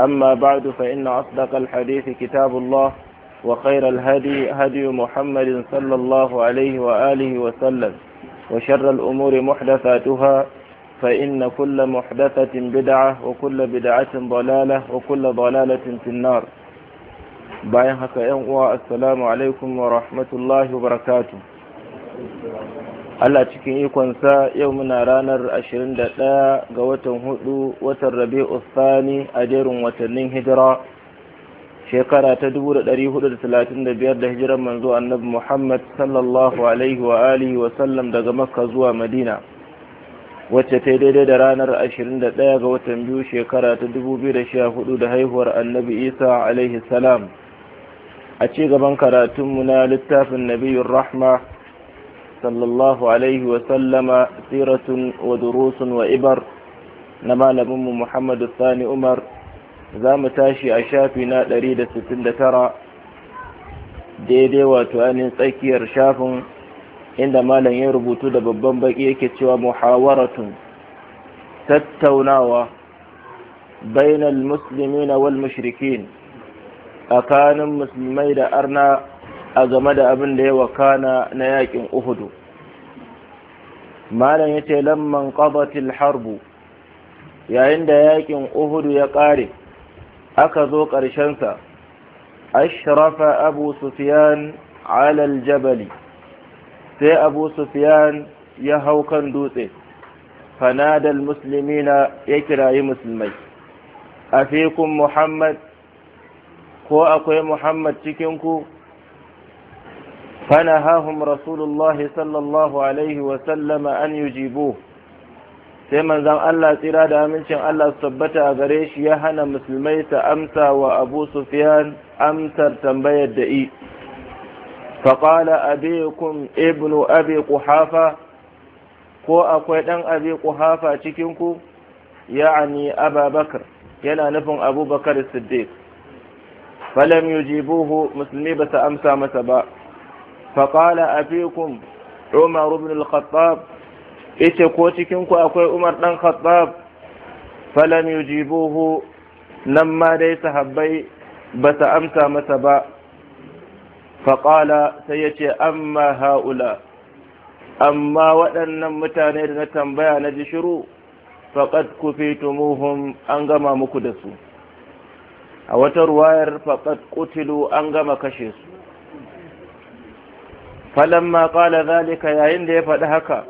أما بعد فإن أصدق الحديث كتاب الله وخير الهدي هدي محمد صلى الله عليه وآله وسلم وشر الأمور محدثاتها فإن كل محدثة بدعة وكل بدعة ضلالة وكل ضلالة في النار باين هكا السلام عليكم ورحمة الله وبركاته Allah cikin ikonsa yau muna ranar 21 ga watan hudu watan Rabi'u Sani a jerin watannin hijira shekara ta 435 da hijiran manzo Annabi Muhammad sallallahu alaihi wa alihi wa sallam daga Makka zuwa Madina wacce ta daidai da ranar 21 ga watan biyu shekara ta 2014 da haihuwar Annabi Isa alaihi salam a ci gaban karatunmu na littafin Nabiyur Rahma صلى الله عليه وسلم سيرة ودروس وإبر نما لمم محمد الثاني أمر za mu tashi a shafi na tara, daidai wato ainihin tsakiyar shafin inda malam ya rubutu da babban baki yake cewa muhawaratun tattaunawa bainal muslimin wal mushrikin tsakanin musulmai da arna a game da abin da ya wakana na yakin uhudu malam ya ce lamman qabatil harbu yayin da yakin uhudu ya ƙare aka zo ƙarshensa ashrafa abu Sufiyan alal jabali sai abu Sufiyan ya hau kan dutse fanadal Musulmina ya kirayi musulmai a muhammad ko akwai muhammad cikinku فنهاهم رسول الله صلى الله عليه وسلم أن يجيبوه sai manzan Allah tsira da amincin Allah su tabbata a gare shi ya hana musulmai ta amsa wa Abu Sufyan amsar tambayar da i faƙala abikum ibnu abi kuhafa ko akwai ɗan abi kuhafa cikinku ya'ani Bakar yana nufin abubakar siddiq falam yujibuhu musulmi ba ta amsa masa ba فقال أفيكم عمر بن الخطاب إتكوتكم أكوي عمر بن الخطاب فلم يجيبوه نما ليس هبي بس أمسى مسبا فقال سيتي أما هؤلاء أما وأن متانير نتنبيا نجشروا faƙad kufitumuhum an gama muku da su a wata ruwayar faƙad kutilu an gama kashe su falamma qala zalika yayin da ya faɗi haka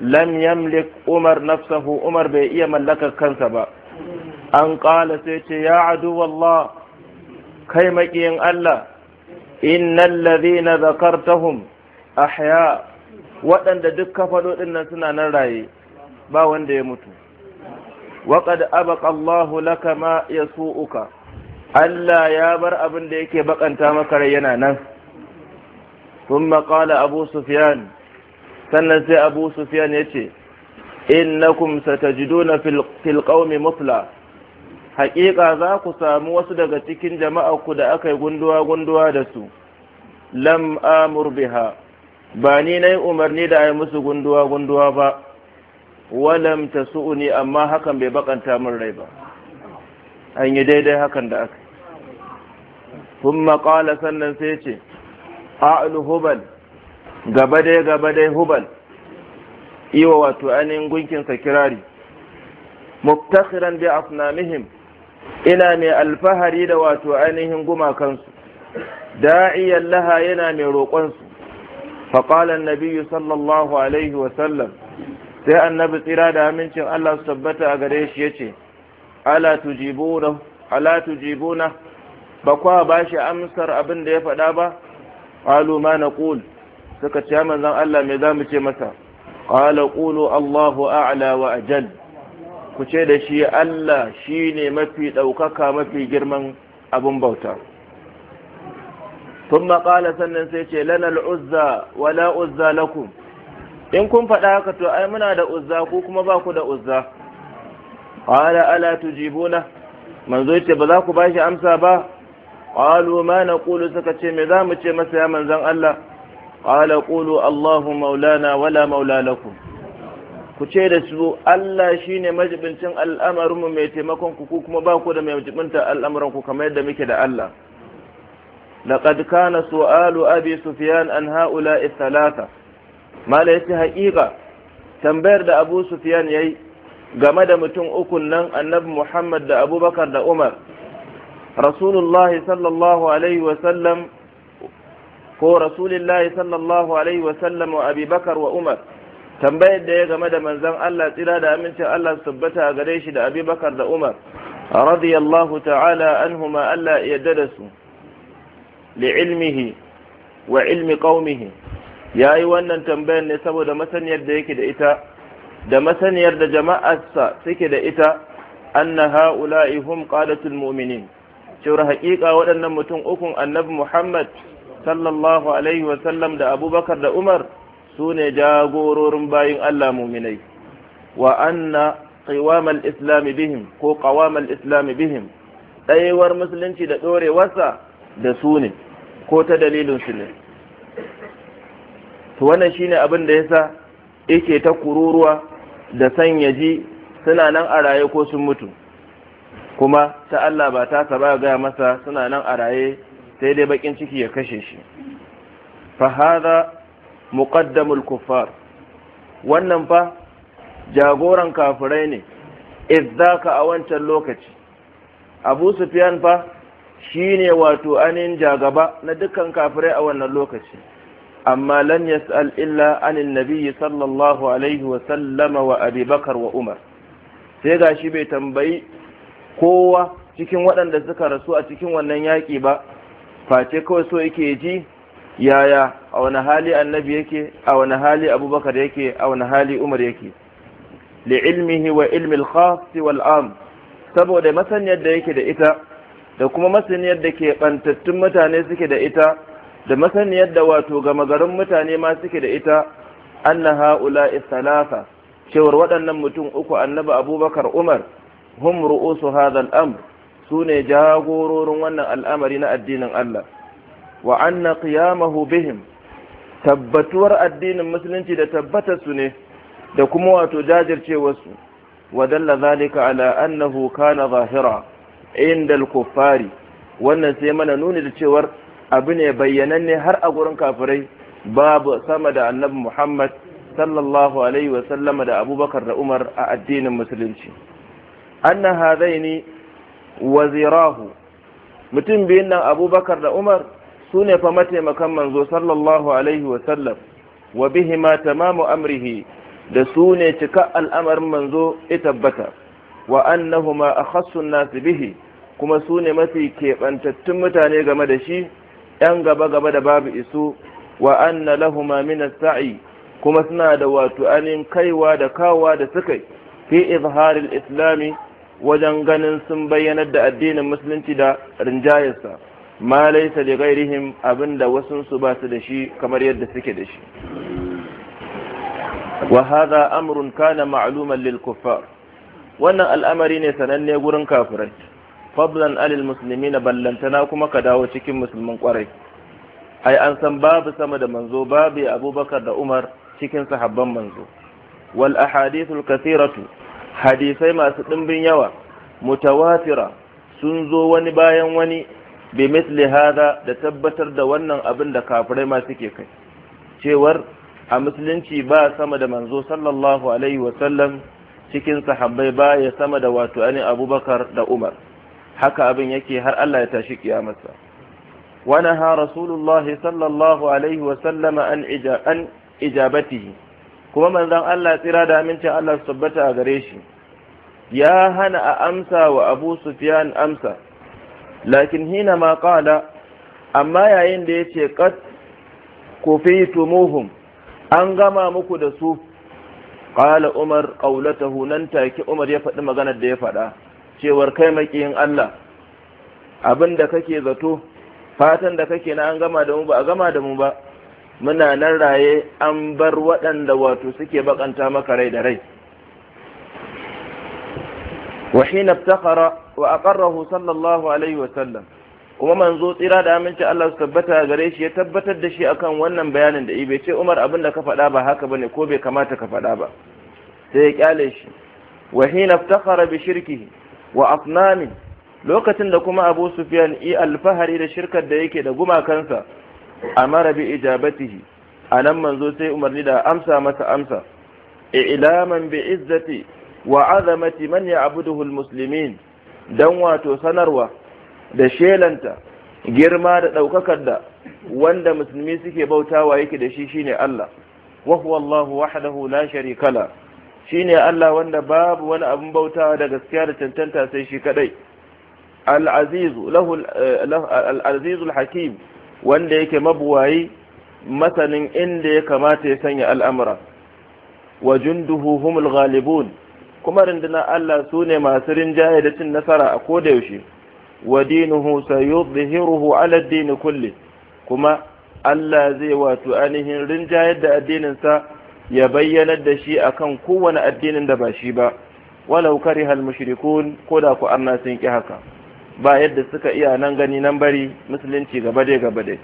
lam yamlik umar nafsahu umar bai iya mallakar kansa ba an ƙala sai ya adu wallah kai makiyin Allah zakar ta zakartahum ahya waɗanda duk kafaɗo ɗin nan suna nan raye ba wanda ya mutu Waƙar abaka Allahu laka ma ya su'uka Allah ya bar abin da yake baƙanta maka rai yana nan ثم قال أبو سفيان sannan sai abu sufiyan ya ce innakum satajiduna fil qaumi mufla haƙiƙa za ku samu wasu daga cikin jama'arku da aka yi gunduwa gunduwa da su lam amur biha ba ni na yi umarni da a musu gunduwa gunduwa ba walam ta su'uni amma hakan bai bakanta min rai ba an yi daidai hakan da aka yi sannan sai ce a'lu hubal gaba dai gaba dai hubal iwa wato ainihin gunkinsa kirari muftakhiran bi asnamihim ina mai alfahari da wato ainihin gumakansu da'iyan laha yana mai roƙonsu faƙalan nabiyu sallallahu alaihi wasallam sai annabi tsira da amincin Allah su tabbata a gare shi ya ce ala tujibuna ba kwa ba shi amsar abin da ya faɗa ba qalu na naqul suka ce manzon Allah me zamu ce masa qala qulu Allahu a'la wa ajal ku ce da shi Allah shine mafi daukaka mafi girman abun bauta ثم قال sannan sai ce lana al'uzza wala uzza lakum in kun faɗa haka to ai muna da uzza ko kuma ba ku da uzza qala ala tujibuna manzo ce ba za ku bashi amsa ba qalu na Kulu suka ce me zamu ce masa ya manzon Allah qala qulu Allahu maulana wala maula lakum ku ce da su Allah shine majibincin al'amarin mu mai taimakon ku ku kuma ba ku da mai majibinta al'amuran ku kamar yadda muke da Allah laqad kana su'alu abi sufyan an ha'ula'i thalatha mala yace haƙiƙa tambayar da abu sufyan yayi game da mutum ukun nan annabi muhammad da abubakar da umar rasulullahi sallallahu alaihi ko rasulillahi sallallahu alaihi wasallam wa abubakar wa umar tambayar da ya game da manzon Allah tsira da Aminci Allah su tabbata gare shi da Abibakar da umar radiyallahu ta'ala anhuma Allah yadda da su li ilmihi wa ilmi qaumihi yayi wannan tambayar ne saboda masaniyar da yake da ita da masaniyar da jama'arsa suke da ita anna ha'ula'i hum qadatul mu'minin cewar haƙiƙa waɗannan mutum ukun annabi Muhammad sallallahu alaihi wasallam da abubakar da Umar su ne jagororin bayin Allah muminai wa anna qiwam al bihim ko qawam islami bihim ɗayewar musulunci da ɗorewarsa da su ne ko ta dalilin su ne to wannan ne abin da ya sa yake ta kururuwa da sanya ji suna nan a raye ko sun mutu kuma ta Allah ba ta saba ga masa suna nan a raye sai dai bakin ciki ya kashe shi fa hadha muqaddamul kuffar wannan fa jagoran kafirai ne idzaka a wancan lokaci abu sufyan fa shine wato anin jagaba na dukkan kafirai a wannan lokaci amma lan yas'al illa anin nabiyyi sallallahu alaihi wa sallama wa abubakar wa umar sai gashi bai tambayi kowa cikin waɗanda suka rasu a cikin wannan yaƙi ba face kawai so yake ji yaya a wani hali annabi yake a wani hali abubakar yake a wani hali umar yake ilmihi wa ilmi al wal am saboda masaniyar da yake da ita da kuma masaniyar da ke bantattun mutane suke da ita da masaniyar da wato gama garin mutane ma suke da ita anna haula salasa cewar waɗannan mutum uku annabi abubakar umar hum ru'usu hadha al-amr sune jagororin wannan al'amari na addinin Allah wa anna qiyamahu bihim tabbatuwar addinin musulunci da tabbatar su ne da kuma wato jajircewarsu wa dalla zalika ala annahu kana zahira inda al-kuffari wannan sai mana nuni da cewar abu ne bayyananne har a gurin kafirai babu sama da annabi Muhammad sallallahu alaihi wa sallama da Abubakar da Umar a addinin musulunci anna hadaini wazirahu mutum biyun nan abubakar da umar su ne fa mataimakan manzo sallallahu alaihi wasallam wa ma tamamu amrihi da su ne cika al'amarin manzo ya tabbata wa annahuma akhassun nas bihi kuma su ne mafi keɓantattun mutane game da shi ‘yan gaba-gaba da babu isu wa anna lahuma minas sa'i kuma suna da wato anin kaiwa da kawa da sukai fi izharil islami wajen ganin sun bayyanar da addinin musulunci da rinjayarsa ma laisa da gairihin abinda wasun su ba su da shi kamar yadda suke da shi wa haza amrun kana ma'aluman lil kuffar wannan al'amari ne sananne gurin kafirai fadlan alil na ballantana kuma ka dawo cikin musulmin kwarai ai an san babu sama da manzo babu abubakar da umar cikin sahabban manzo wal ahadithul kathiratu hadisai masu ɗimbin yawa mutawatira sun zo wani bayan wani bi misli hada da tabbatar da wannan abin da kafirai masu ke kai cewar a musulunci ba sama da manzo sallallahu alaihi wasallam cikin sahabbai ba ya sama da wato ani abubakar da umar haka abin yake har Allah ya tashi kiyamarsa ونهى رسول الله صلى الله عليه وسلم عن إجابته kuma manzon Allah tsira da amincin Allah su tabbata a gare shi ya hana a amsa wa Abu Sufyan amsa lakin hina ma kala amma yayin da ya ce yace qad tumuhun an gama muku da su Ƙala Umar kaulata hunan take Umar ya faɗi maganar da ya faɗa cewar kai makiyin Allah abin da kake zato fatan da kake na an gama da mu ba a gama da mu ba muna nan raye an bar waɗanda wato suke bakanta maka rai da rai wa hina wa aqarrahu sallallahu alaihi wa sallam kuma manzo tsira da aminci Allah su tabbata gare shi ya tabbatar da shi akan wannan bayanin da ibe ce Umar abin da ka faɗa ba haka bane ko bai kamata ka faɗa ba sai ya kyale shi wa hina iftakhara bi shirkihi wa asnami lokacin da kuma Abu Sufyan i alfahari da shirkar da yake da gumakansa amara bi ijabatihi anan manzo sai umarni da amsa masa amsa i'laman bi izzati wa azamati man ya'buduhu almuslimin dan wato sanarwa da shelanta girma da daukakar da wanda musulmi suke bautawa yake da shi shine Allah wa huwa Allahu wahdahu la sharika la shine Allah wanda babu wani abin bautawa da gaskiya da cancanta sai shi kadai al-azizu lahu al-azizu al-hakim wanda yake mabuwayi masanin inda ya kamata ya sanya al'amura wa junduhu humul ghalibun kuma rundunar Allah su ne masu rinjaye da cin nasara a koda yaushe wa dinuhu sayudhihiruhu ala ad-din kulli kuma Allah zai wato ainihin rinjaye da addininsa ya bayyana da shi a kan kowane addinin da ba shi ba walau karihal mushrikun koda ku arna sun ki haka ba yadda suka iya nan gani nan bari musulunci gaba dai gaba dai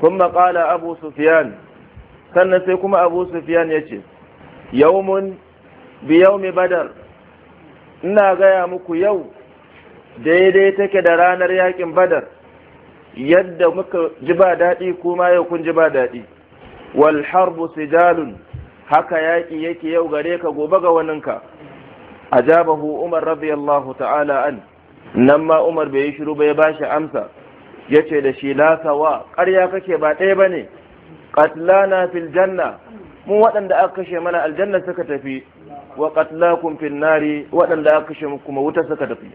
kuma qala abu sufyan sannan sai kuma abu sufyan yace yawmun bi yawmi badar ina gaya muku yau daidai take da ranar yakin badar yadda muka ji ba daɗi kuma yau kun ji ba daɗi wal harbu sijalun haka yaƙi yake yau gare ka gobe ga waninka ajabahu umar radiyallahu ta'ala an nan ma umar bai yi shiru ba ya bashi amsa ya ce da shi lasawa ƙarya kake ba ɗaya ba ne na fil janna Mun waɗanda aka kashe mana aljanna suka tafi wa kun fil nari waɗanda aka kashe kuma wuta suka tafi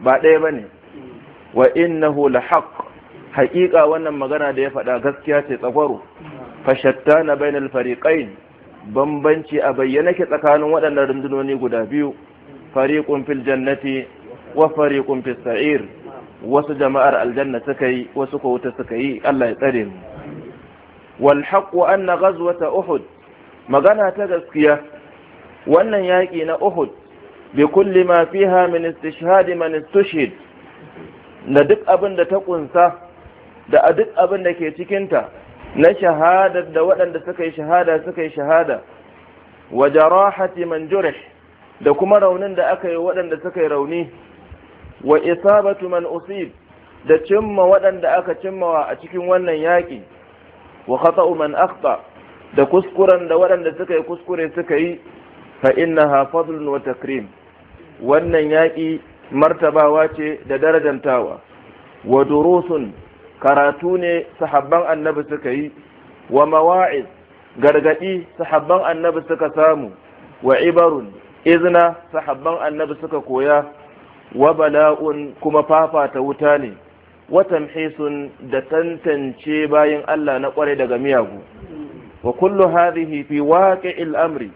ba ɗaya ba ne wa na hula haƙ haƙiƙa wannan magana da ya faɗa gaskiya ce tsakwaro. Fashatta na bainal fariqain bambanci a bayyana ke tsakanin waɗannan rundunoni guda biyu Fariƙun fil jannati wafari fariqun sa'ir wasu jama'ar aljanna suka yi wasu ko wuta suka yi Allah ya tsare mu wal haqq anna ta uhud magana ta gaskiya wannan yaki na uhud bi kulli ma fiha min istishhad man istushhid da duk abin da ta kunsa da duk abin da ke cikinta na shahada da waɗanda suka yi shahada suka yi shahada wa jarahati man da kuma raunin da aka yi waɗanda suka yi rauni wa isabatu man usib da cimma waɗanda aka cimmawa a cikin wannan yaƙi wa khata'u man akhta da kuskuren da waɗanda suka yi kuskure suka yi fa innaha fadlun wa takrim wannan yaƙi martabawa ce da darajantawa wa durusun karatu ne sahabban annabi suka yi wa mawa'iz gargadi sahabban annabi suka samu wa ibarun izna sahabban annabi suka koya wa bala'un kuma fafata wuta ne wa tamhisun da tantance bayan Allah na kware daga miyagu wa kullu hadhihi fi waqi'il amri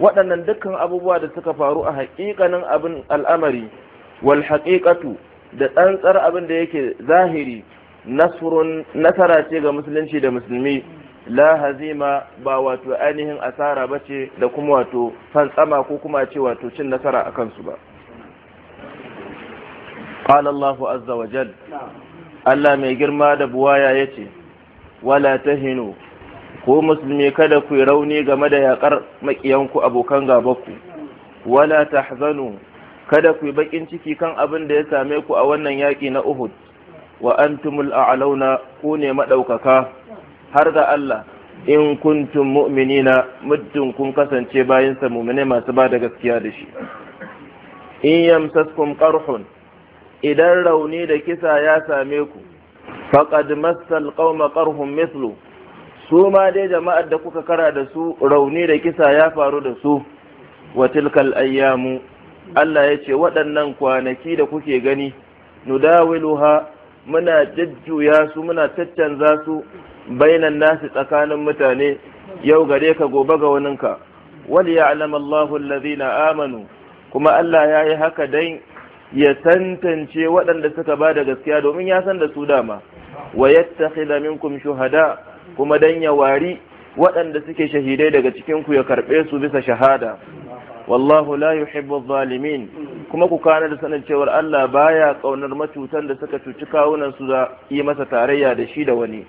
waɗannan dukkan abubuwa da suka faru a haƙiƙanin abin al'amari wal da tsantsar abin da yake zahiri nasrun nasara ce ga musulunci da musulmi la hazima ba wato ainihin asara bace da kuma wato fantsama ko kuma ce wato cin nasara a kansu ba قال الله عز وجل Allah mai girma da buwaya ya ce, Wala ta hinu, ko musulmi kada ku rauni game da yaƙar maƙiyanku abokan gabaku, wala tahzanu. kada ku bakin baƙin ciki kan abin da ya same ku a wannan yaƙi na Uhud, wa an tumul ku ne maɗaukaka, har ga Allah, in kuntum mu'minina muddin kun kasance bayansa mumine masu ba da gaskiya da shi. In yamsaskum qarhun idan rauni da kisa ya same ku faqad massal ƙauma qarhum mithlu su ma dai jama'ar da kuka kara da su rauni da kisa ya faru da su wa tilkal ayyamu Allah ya ce waɗannan kwanaki da kuke gani nudawiluha muna jajjuya su muna caccanza su bainan nasu tsakanin mutane yau gare ka gobe ga waninka wal ya'lamu Allahu amanu kuma Allah ya yi haka dan ya tantance waɗanda suka ba da gaskiya domin ya san da su dama wa yattakhidha minkum shuhada kuma dan ya wari waɗanda suke shahidai daga cikin ku ya karɓe su bisa shahada wallahu la yuhibbu zalimin kuma ku kana da sanin cewar Allah baya kaunar macutan da suka cuci kawunan su da yi masa tarayya da shi da wani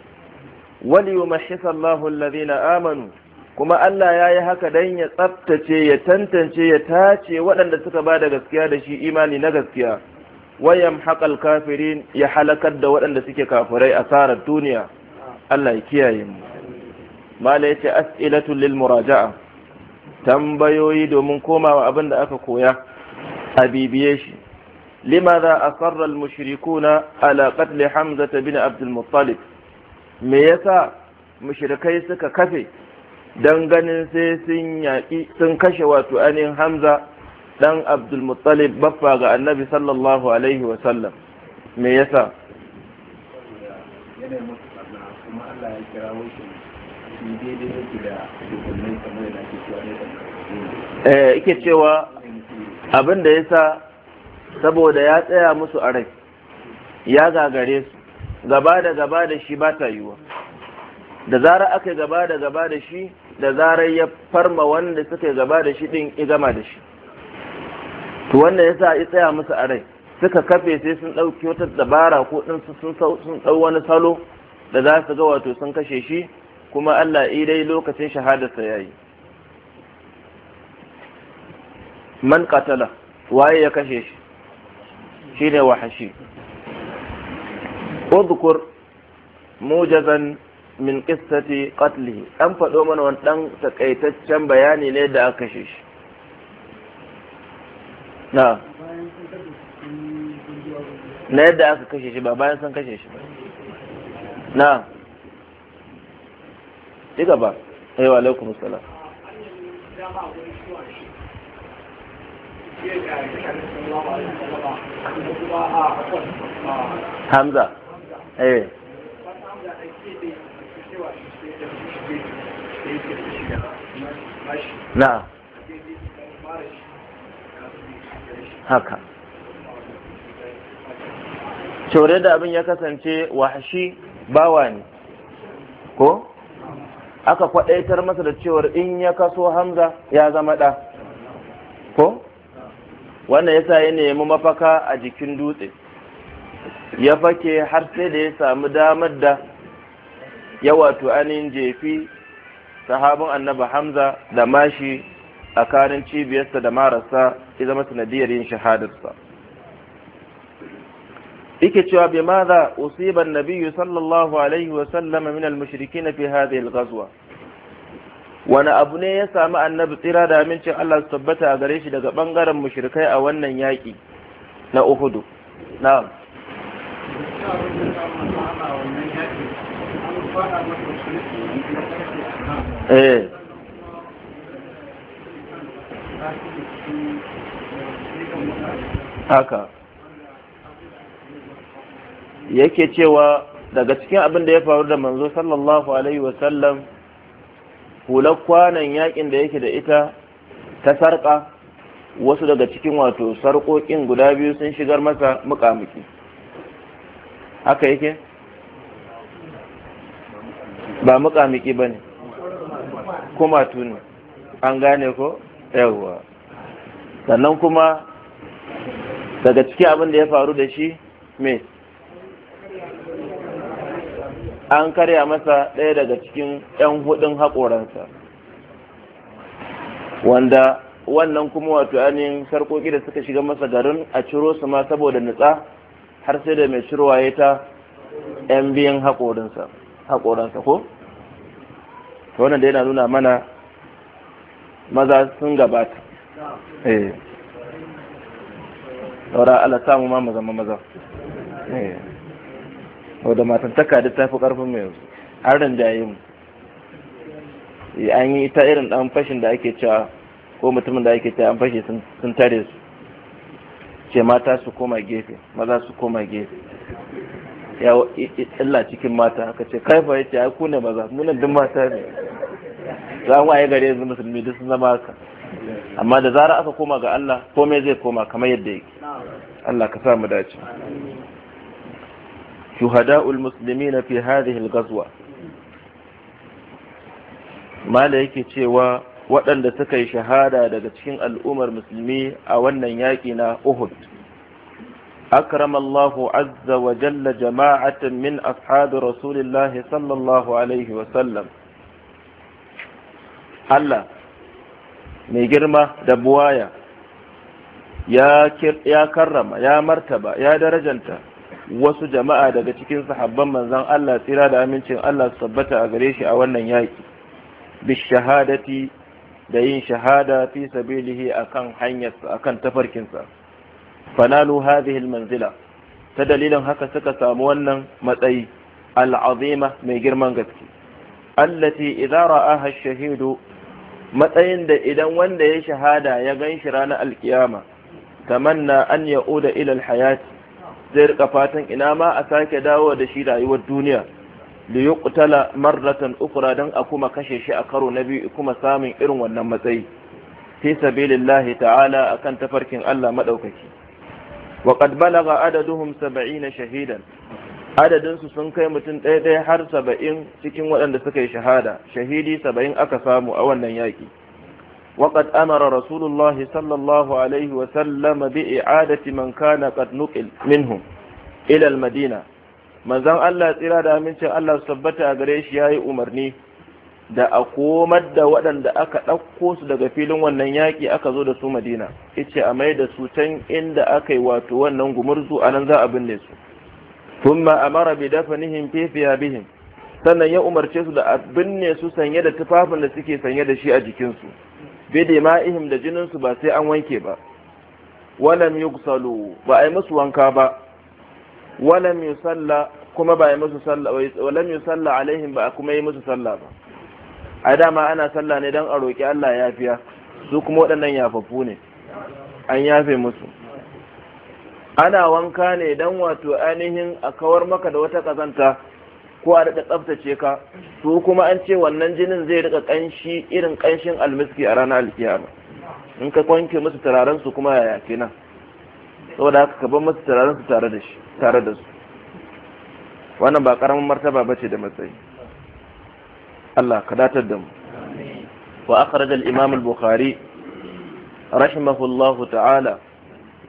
wal yumahhisa alladhina amanu kuma Allah ya yi haka don ya tsaftace ya tantance ya tace waɗanda suka ba da gaskiya da shi imani na gaskiya wayan haƙal kafirin ya halakar da waɗanda suke kafirai tsarar duniya Allah ya kiyaye mu mala ya ce as'ilatul lil muraja'a tambayoyi domin komawa abin da aka koya a bibiye shi Limaza asarra al mushrikuna ala qatl hamza bin abdul muttalib me yasa mushrikai suka kafe don ganin sai sun yaƙi sun kashe wato ainihin hamza ɗan abdulmuttalib baffa ga annabi sallallahu alaihi wasallam me yasa eh ike cewa abin da yasa saboda ya tsaya musu a rai ya gagare su gaba da gaba da shi ba ta yiwa da zarar aka gaba da gaba da shi da zarar ya farma wanda suka gaba da shi din i gama da shi to wannan yasa ya tsaya musu a rai suka kafe sai sun ɗauki wata dabara ko ɗin sun dau wani salo da za su ga wato sun kashe shi kuma Allah dai lokacin shahadarsa ya yi man qatala waye ya kashe shi shi wahashi udkur mujazan min qissati katli. an faɗo mana wani ɗan takaitaccen bayani ne da aka kashe shi na na yadda aka kashe shi ba bayan san kashe shi ba na ci gaba aiwa eh, alaikum Sala. Hamza, eh. na haka cewar da abin ya kasance wahashi bawa ne ko aka kwadaitar masa da cewar in ya kaso hamza ya zama ɗa ko wannan yasa ya nemi mafaka a jikin dutse ya fake har sai da ya samu damar da ya wato anin jefi sahabin annaba hamza da mashi a karin cibiyarsa da marasa ya zama sanadiyar yin shahadarsa ike cewa bai ma za usiban nabiyu sallallahu alaihi wasallama min almushriki na fi hadhihi alghazwa wani abu ne ya sami annabi tsira da amincin Allah su tabbata a gare shi daga bangaren mushrikai a wannan yaƙi na Uhudu na'am Eh. haka yake cewa daga cikin abin da ya faru da manzo sallallahu alaihi wasallam hular kwanan yakin da yake da ita ta sarƙa wasu daga cikin wato sarƙoƙin guda biyu sun shigar masa muƙamuki haka yake ba mukamiki ba ne Kuma tuni, an gane ko yawwa sannan kuma daga ciki abin da ya faru da shi me an karya masa ɗaya daga cikin 'yan hudun haƙoransa wanda wannan kuma wato ainihin sarƙoƙi da suka shiga masa garin a ciro su ma saboda nutsa har sai da mai ciro ya ta 'yan biyan haƙoransa ko to wannan da yana nuna mana maza sun gabata eh saura Allah samu ma maza maza eh da matantaka da tafi karfin mai yanzu har rinjaye mu eh, an yi ta irin dan fashin da ake cewa ko mutumin da ake cewa an fashe sun tare su ce mata su koma gefe maza su koma gefe ya illa cikin mata aka ce kaifa yace ai ku ne maza munan duk mata ne za mu ayi gare su musulmi duk sun zama haka amma da zara aka koma ga Allah komai zai koma kamar yadda yake Allah ka sa mu dace shuhada'ul muslimina fi hadhihi al-ghazwa mala yake cewa waɗanda suka yi shahada daga cikin al'ummar musulmi a wannan yaƙi na Uhud أكرم الله عز وجل جماعة من أصحاب رسول الله صلى الله عليه وسلم Allah mai girma da buwaya ya karrama ya martaba ya darajanta wasu jama'a daga cikin sahabban manzan Allah tsira da amincin Allah su tabbata a gare shi a wannan yaƙi bi shahadati da yin shahada fi sabilihi akan hanyarsa akan tafarkinsa fanalu hadhihi Manzila. ta dalilin haka suka samu wannan matsayi al'azima mai girman gaske allati idza ra'aha ash-shahidu matsayin da idan wanda ya shahada ya ganshi ranar alkiyama tamanna an ya'uda ila al-hayati zai rika fatan ina ma a sake dawo da shi rayuwar duniya li yuqtala marratan ukhra dan a kuma kashe shi a karo na biyu kuma samun irin wannan matsayi fi sabilillahi ta'ala akan tafarkin Allah madaukaki وقد بلغ عددهم سبعين شهيدا adadin su sun kai mutum ɗaya ɗaya har saba'in cikin waɗanda suka yi shahada shahidi saba'in aka samu a wannan yaƙi وقد أمر رسول الله صلى الله عليه وسلم بإعادة من كان قد نقل منهم إلى المدينة manzon Allah tsira da amincin Allah su tabbata gare shi yayi umarni da a komar da waɗanda aka ɗauko su daga filin wannan yaƙi aka zo da su madina ice a mai da su can inda aka yi wato wannan gumurzu a nan za a binne su thumma amara bi dafanihim fi bihin. sannan ya umarce su da a binne su sanye da tufafin da suke sanye da shi a jikinsu bi ihim da jinin ba sai an wanke ba walam yugsalu ba a yi musu wanka ba walam yusalla kuma ba a yi musu sallah walam yusalla alaihim ba kuma yi musu sallah ba ai dama ana sallah ne don a roƙi Allah ya yafiya su kuma waɗannan yafaffu ne an yafe musu ana wanka ne don wato ainihin a kawar maka da wata kazanta ko a daɗa tsaftace ka su kuma an ce wannan jinin zai rika ƙanshi irin ƙanshin almiski a ranar alkiyama in ka kwanke musu turaren su kuma yafe na, saboda haka ka bar musu turaren su tare da su wannan ba ƙaramin martaba bace da matsayi Allah ka datar da mu wa akhraj al-imam al-bukhari rahimahullahu ta'ala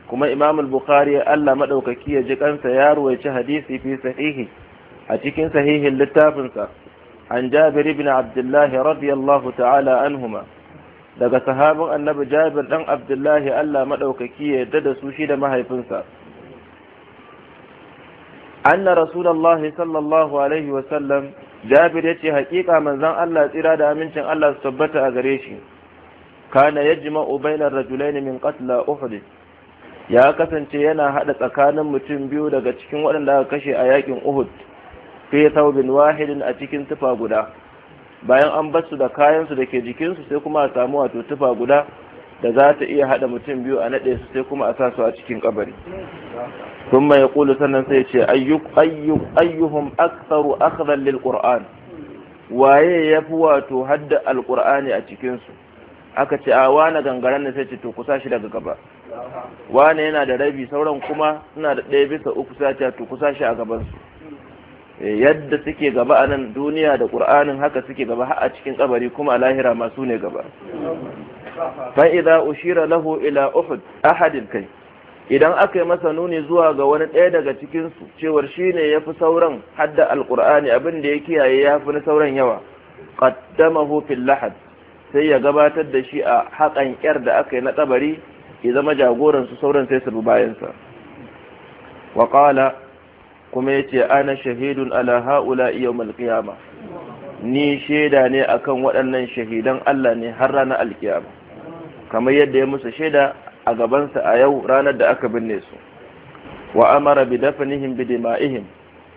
kuma imam al-bukhari Allah madaukaki ya ji kansa ya ruwaici hadisi fi sahihi a cikin sahihin littafinsa an jabir ibn abdullah radiyallahu ta'ala anhuma daga sahabin annabi jabir dan abdullahi Allah madaukaki ya yarda da su shi da mahaifinsa anna rasulullahi sallallahu alaihi wa sallam jabir ce haƙiƙa manzon Allah tsira da amincin Allah su tabbata a gare shi kana yajma'u bainar rajulaini min qatla uhud ya kasance yana hada tsakanin mutum biyu daga cikin waɗanda aka kashe a yakin uhud fi thawbin wahidin a cikin tufa guda bayan an bar su da kayan su ke jikin su sai kuma a samu wato tufa guda da za ta iya hada mutum biyu a nade su sai kuma a sa su a cikin kabari ثم يقول سنن سيشي أيك أيك أيهم أكثر أخذا للقرآن waye ya fi wato hadda alkur'ani a cikinsu aka ce a wane gangaren ne sai ce to kusa shi daga gaba wane yana da rabi sauran kuma suna da ɗaya bisa uku sace to kusa shi a gabansu eh, yadda suke gaba a nan duniya da ƙur'anin haka suke gaba a cikin kabari kuma a lahira masu ne gaba fa idza ushira lahu ila uhud ahadin kai idan aka yi masa nuni zuwa ga wani ɗaya daga cikin cewar shi ne ya fi sauran hadda alƙur'ani abin da ya kiyaye ya fi na sauran yawa ƙaddama hufin lahad sai ya gabatar da shi a haƙan ƙyar da aka yi na tsabari ya zama jagoransu sauran sai su bi bayansa wa kuma yace ana shahidun ala haula yawmal malƙiyama ni shaida ne akan waɗannan shahidan Allah ne har ranar alkiyama kamar yadda ya musu shaida a gabansa a yau ranar da aka binne su wa amara bi dafanihim bi dima'ihim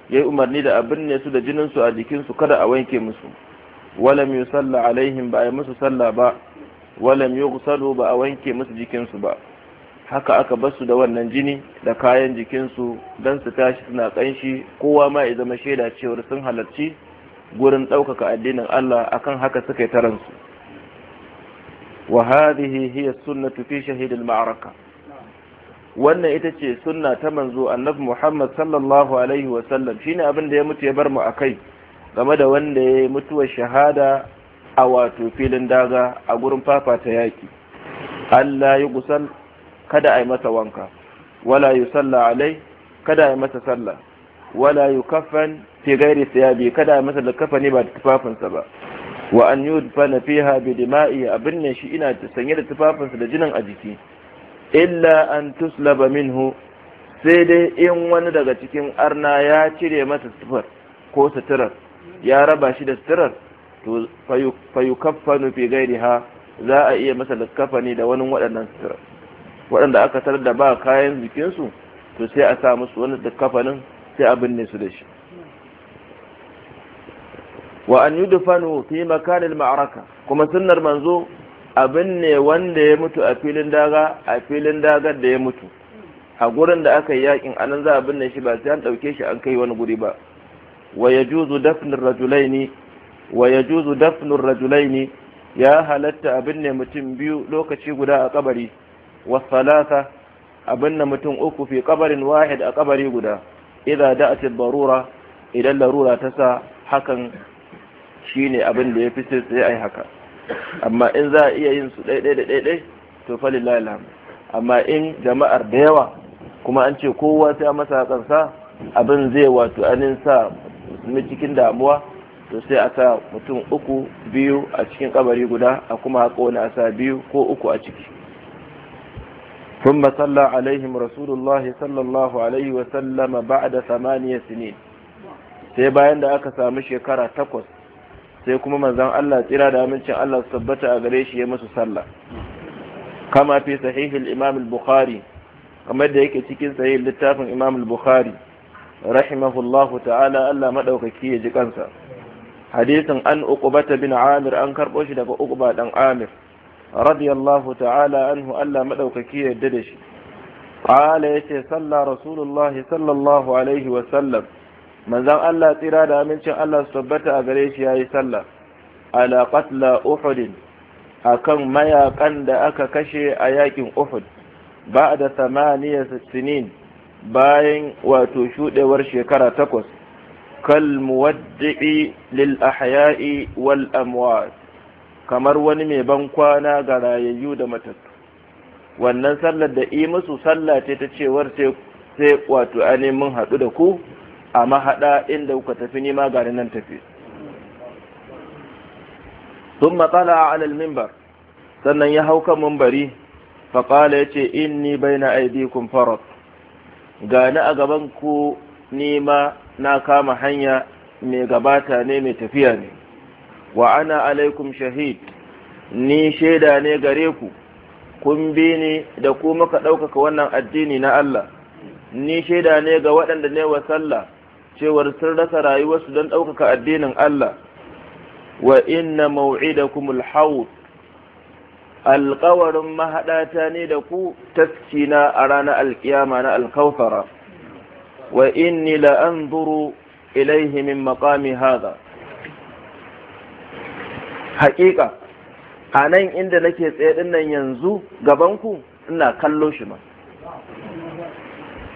yayi umarni da a binne su da jinin su a jikin su kada a wanke musu walam yusalla alaihim ba a musu sallah ba walam yughsalu ba a wanke musu jikin su ba haka aka bar su da wannan jini da kayan jikin su dan su tashi suna kanshi kowa ma ya zama shaida cewa sun halarci gurin ɗaukaka addinin Allah akan haka suka yi taransu وهذه هي السنة في شهيد المعركة wannan ita ce sunna ta manzo annabi Muhammad sallallahu alaihi wa shine abin da ya mutu ya bar mu a kai game da wanda ya mutuwar shahada a wato filin daga a gurin fafata yaki Allah ya gusal kada a yi masa wanka wala yusalla alai kada a yi masa sallah wala yukaffan fi ghairi thiyabi kada a yi masa likafani ba da tufafinsa ba wa an yi fi ya bi dima'i abin ne shi ina sanye da tufafinsa da jinin a jiki illa an tuslaba hu? sai dai in wani daga cikin arna ya cire masa sifar ko suturar ya raba shi da suturar to kafanu fi ha? za a iya masa likkafani da wani waɗannan suturar waɗanda aka tarar da ba kayan jikinsu to sai a sa musu wani likkafanin sai a binne su da shi wa an yudfanu fi makanil ma'araka kuma sunnar manzo abin ne wanda ya mutu a filin daga a filin dagar da ya mutu a gurin da aka yi yakin anan za a binne shi ba sai an ɗauke shi an kai wani guri ba wa yajuzu dafnur rajulaini wa yajuzu dafnur rajulaini ya halatta abin ne mutum biyu lokaci guda a kabari wa salasa abin ne mutum uku fi kabarin wahid a kabari guda idan da'atil barura idan larura ta sa hakan Shi ne abin da ya fi sai sai ai haka amma in za a iya yin su ɗaiɗai da ɗaiɗai to fali lalam amma in jama'ar da yawa kuma an ce kowa sai a masa hatsansa abin zai wato anin sa musulmi cikin damuwa to sai a sa mutum uku biyu a cikin kabari guda a kuma haƙo wani a sa biyu ko uku a ciki ثم صلى عليهم رسول الله صلى الله عليه وسلم بعد ثمانية سنين sai bayan da aka samu shekara takwas sai kuma manzan Allah tsira da amincin Allah su tabbata a gare shi ya musu sallah kama fi sahihil imam al-bukhari kamar da yake cikin sahih littafin imam al-bukhari rahimahullahu ta'ala Allah madaukaki ya ji kansa hadisin an uqbata bin amir an karbo shi daga uqba dan amir radiyallahu ta'ala anhu Allah madaukaki ya yarda da shi qala yace sallah rasulullahi sallallahu alaihi wa sallam manzan Allah tsira da amincin Allah su tabbata a gare shi yi sallah ala Uhudin, a kan mayakan da aka kashe a yakin uhud da samaniya sinin bayan wato shudewar shekara takwas kal muwaddi'i lil ahya'i wal amwat kamar wani mai ban kwana ga rayayyu da matattu wannan sallar da yi musu sallah ce ta cewar sai wato ainihin mun haɗu da ku a mahaɗa inda kuka tafi nima garin nan tafi sun matsala a alal mimbar sannan ya hau kan mimbari faƙala ya ce ni bai na aidikun farot gani a gaban ku nima na kama hanya mai gabata ne mai tafiya ne wa ana alaikum shahid ni shaida ne gare ku kun bi ni da ku muka ɗaukaka wannan addini na Allah ni shaida ne ga waɗanda ne wa sallah cewar sun rasa rayuwarsu don ɗaukaka addinin Allah wa inna maw'idakumul haut alƙawarin mahaɗata ne da ku taskina a ranar alƙiyama na alkawfara wa inni la'anzuru ilaihi min maqami haza haƙiƙa a nan inda nake tsaye ɗin nan yanzu gabanku ina kallo shi ma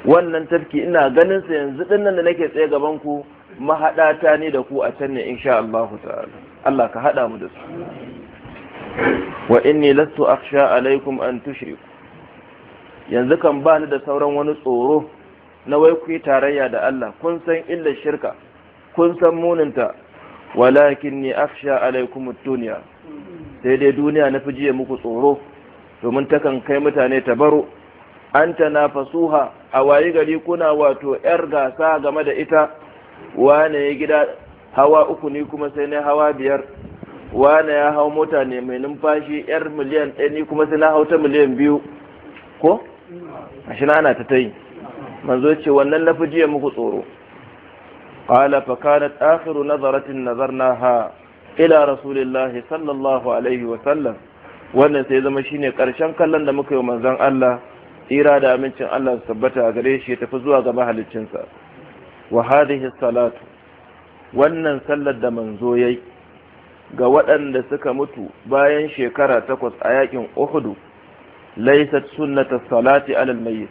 wannan tafki ina ganin sa yanzu din nan da nake tsaye gaban ku mahaɗata ne da ku a can ne insha Allah ta'ala Allah ka haɗa mu da su wa inni lastu akhsha alaikum an tushriku yanzu kan ba ni da sauran wani tsoro na wai ku yi tarayya da Allah kun san illa shirka kun san muninta walakin akhsha alaikum ad-dunya sai dai duniya na fi jiya muku tsoro domin takan kai mutane tabaru an tanafasuha a wayi gari kuna wato yar gasa game da ita wane ya gida hawa uku ni kuma sai na hawa biyar wane ya hau mota ne mai numfashi yar miliyan ɗaya ni kuma sai na hau ta miliyan biyu ko A na ana ta yi. manzo ce wannan na jiya muku tsoro qala fa kanat akhiru nazaratin nazarnaha ila rasulillahi sallallahu alaihi wa sallam wannan sai zama shine karshen kallon da muka yi manzon Allah tsira da amincin Allah su tabbata gare shi ya tafi zuwa ga mahaliccinsa wa hadhihi salatu wannan sallar da manzo yayi ga waɗanda suka mutu bayan shekara takwas a yakin Uhud laysat sunnata salati alal mayyit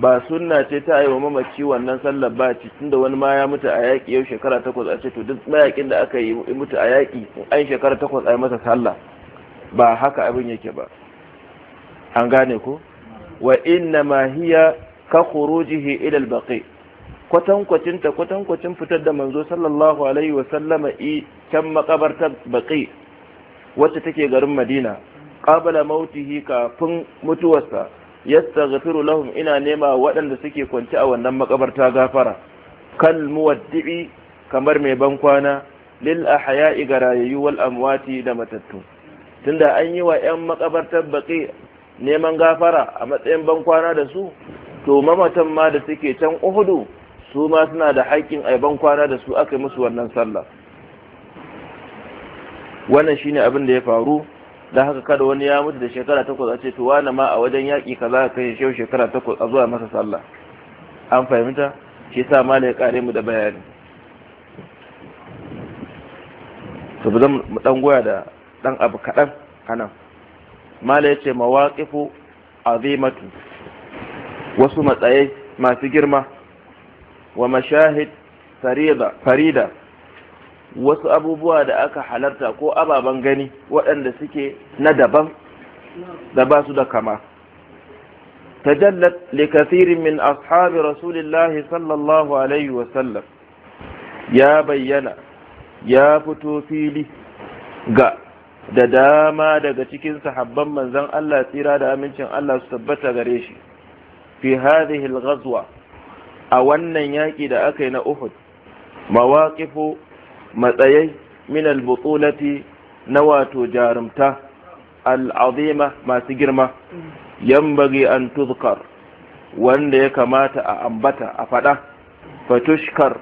ba sunna ce ta yi mamaci wannan sallar ba ci tunda wani ma ya mutu a yaƙi yau shekara takwas a ce to duk mayaƙin da aka yi mutu a yaƙi an shekara takwas a yi masa sallah ba haka abin yake ba an gane ko wa inna ma hiya ka khurujihi ila al kwatankwacinta kwatankwacin fitar da manzo sallallahu alaihi wa sallama i can makabartar baqi wacce take garin Madina qabala mautihi kafin mutuwarsa yastaghfiru lahum ina nema waɗanda suke kwanci a wannan makabarta gafara kal muwaddi'i kamar mai bankwana lil ahya'i garayyu wal amwati da matattu tunda an yi wa 'yan makabartar baƙi neman gafara a matsayin ban kwana da su to mamatan ma da suke can uhudu su ma suna da haƙƙin a ban kwana da su aka yi musu wannan sallah wannan shine abin da ya faru da haka kada wani ya mutu da shekara takwas a ce to wani ma a wajen yaƙi kaza ka shi shehu shekara takwas a zuwa masa sallah an fahimta shi sa ma ya ƙare mu da bayani to mu ɗan goya da ɗan abu kaɗan a nan mala ya ce mawaƙifu azimatu wasu matsaye masu girma wa mashahid farida wasu abubuwa da aka halarta ko ababen gani waɗanda suke na daban da ba su da kama tajallat likathirin min ashabi rasulillahi sallallahu alaihi wasallam ya bayyana ya fito fili ga da dama daga cikin sahabban manzon Allah tsira da amincin Allah su tabbata gare shi fi hadhihi al-ghazwa a wannan yaki da aka yi na Uhud mawaqifu matsayai min al-butulati na wato jarumta al al'azima masu girma yambagi an tuzkar wanda ya kamata a ambata a fada fatushkar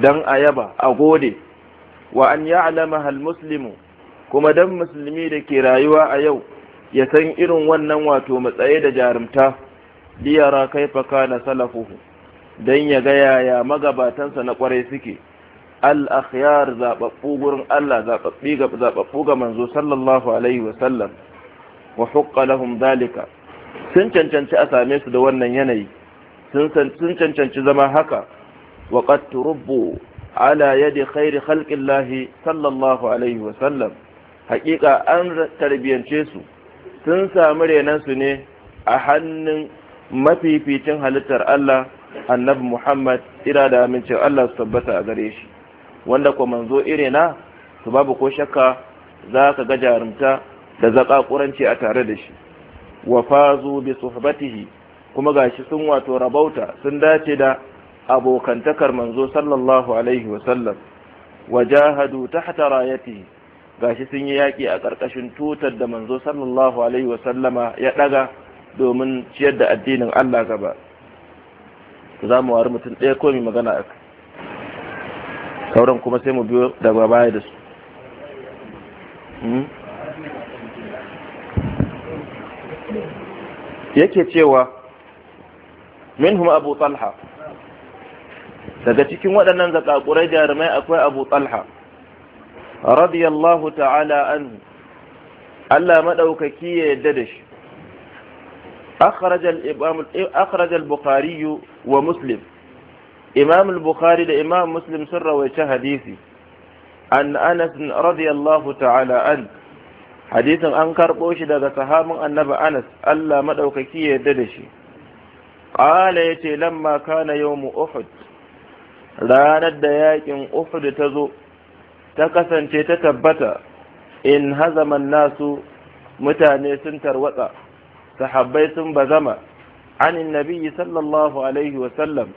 Dan a yaba a gode wa an ya'lama hal muslimu kuma don musulmi da ke rayuwa a yau ya san irin wannan wato matsaye da jarumta liyara kaifa na salafuhu don ya ga yaya magabatansa na kwarai suke al-akhyar zababbu gurin Allah zaɓaɓɓu ga manzo sallallahu alaihi wa sallam wa huqqa lahum dalika sun cancanci a same su da wannan yanayi sun cancanci zama haka wa qad turubbu ala yadi khairi khalqillahi sallallahu alaihi wa sallam hakika an tarbiyance su sun samu renansu ne a hannun mafificin halittar Allah annabi Muhammad ira da amince Allah su tabbata a gare shi wanda kuma manzo na su babu ko shakka za ka ga jarumta da zakakuranci a tare da shi wa fazu bi suhbatihi kuma gashi sun wato rabauta sun dace da abokantakar manzo sallallahu alaihi wa sallam wajahadu tahta rayatihi gashi sun yi yaƙi a ƙarƙashin tutar da manzo sallallahu alaihi wasallama ya ɗaga domin ciyar da addinin Allah gaba za mu wari mutum ɗaya ko mai magana a sauran kuma sai mu biyo daga baya da su hmm? yake cewa minhum abu talha daga cikin waɗannan zakakurai jarumai akwai abu talha radiyallahu ta'ala anhu Allah madaukaki ya yadda da shi akhraj al-bukhari wa muslim imam al-bukhari da imam muslim sun rawaita hadisi an anas radiyallahu ta'ala an hadisin an karɓo shi daga sahabin annabi anas Allah madaukaki ya yadda da shi qala yace lamma kana yawm uhud ranar da yakin uhud ta zo ta kasance ta tabbata in hazaman nasu mutane sun tarwatsa sahabbai sun bazama anin nabiyyi sallallahu alaihi wasallam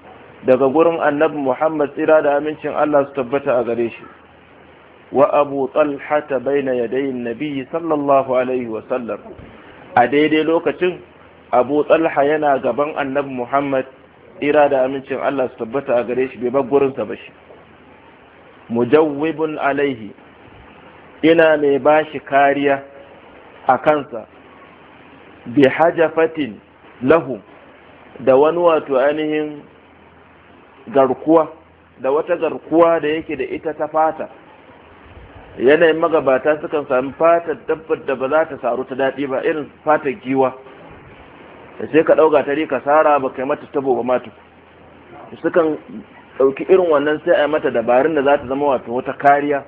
daga gurin annabi muhammad tsira da amincin allah su tabbata a gare shi wa abu ta baina yadayin nabiyyi sallallahu alaihi wasallam a daidai lokacin abu talha yana gaban annabi muhammad tsira da amincin allah su tabbata a gare shi bai bar gurinsa ba shi mujawwibun alaihi ina mai bashi kariya a kansa bi hajafatin lahu da wani wato ainihin garkuwa da wata garkuwa da yake da ita ta fata yanayin magabata sukan sami fatar dabbar da ba za ta saru ta daɗi ba irin fatar giwa da sai ka ɗauka tare ka sara ba kai mata tabo ba mata sukan ɗauki irin wannan sai a yi mata dabarun da za ta zama wato wata kariya